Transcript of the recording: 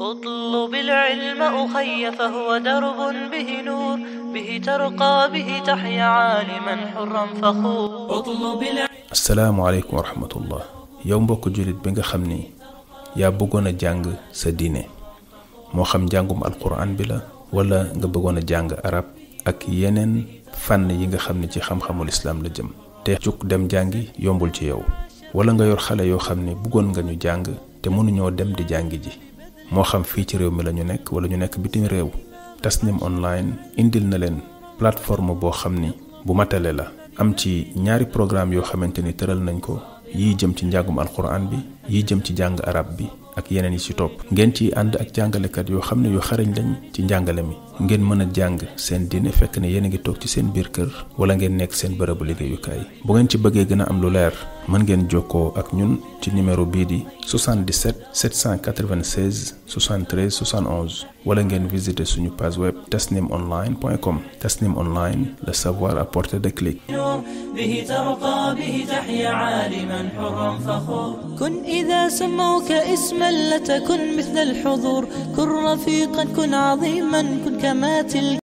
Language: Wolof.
اطلب العلم أخي فهو درب به نور به ترقى به تحيا عالما حرا فخور اطلب العلم السلام عليكم ورحمة الله yow mbokk julit bi nga xam ni yaa bëggoon a jàng sa diine moo xam njàngum alquran bi la wala nga bëggoon a jàng arab ak yeneen fànn yi nga xam ne ci xam-xamul islam la jëm te cuk dem jàngi yombul ci yow wala nga yor xale yoo xam ne bëggoon nga ñu jàng te mënuñoo dem di jàngi ji moo xam fii ci réew mi la ñu nekk wala ñu nekk bitim réew Tasnim online indil na leen plateforme boo xam ni bu matale la am ci ñaari programme yoo xamante ni tëral nañ ko yi jëm ci njàngum alxuraan bi yi jëm ci jàng arab bi ak yeneen yi ci topp ngeen ci ànd ak jàngalekat yoo xam ne yu xarañ lañ ci njàngale mi ngeen mën a jàng seen diine fekk ne yéen a ngi toog ci seen biir kër wala ngeen nekk seen bërëbu liggéeyukaay bu ngeen ci bëggee gën a am lu leer mën ngeen jokkoo ak ñun ci numéro bii di 77 796 73 71 wala ngeen visiter suñu page web tasnimonline.com tasnim online le savoir à portée de clic به ترقى به تحيا عالما حرا فخور كن إذا سموك اسما لتكن مثل الحضور كن رفيقا كن عظيما كن كما تلك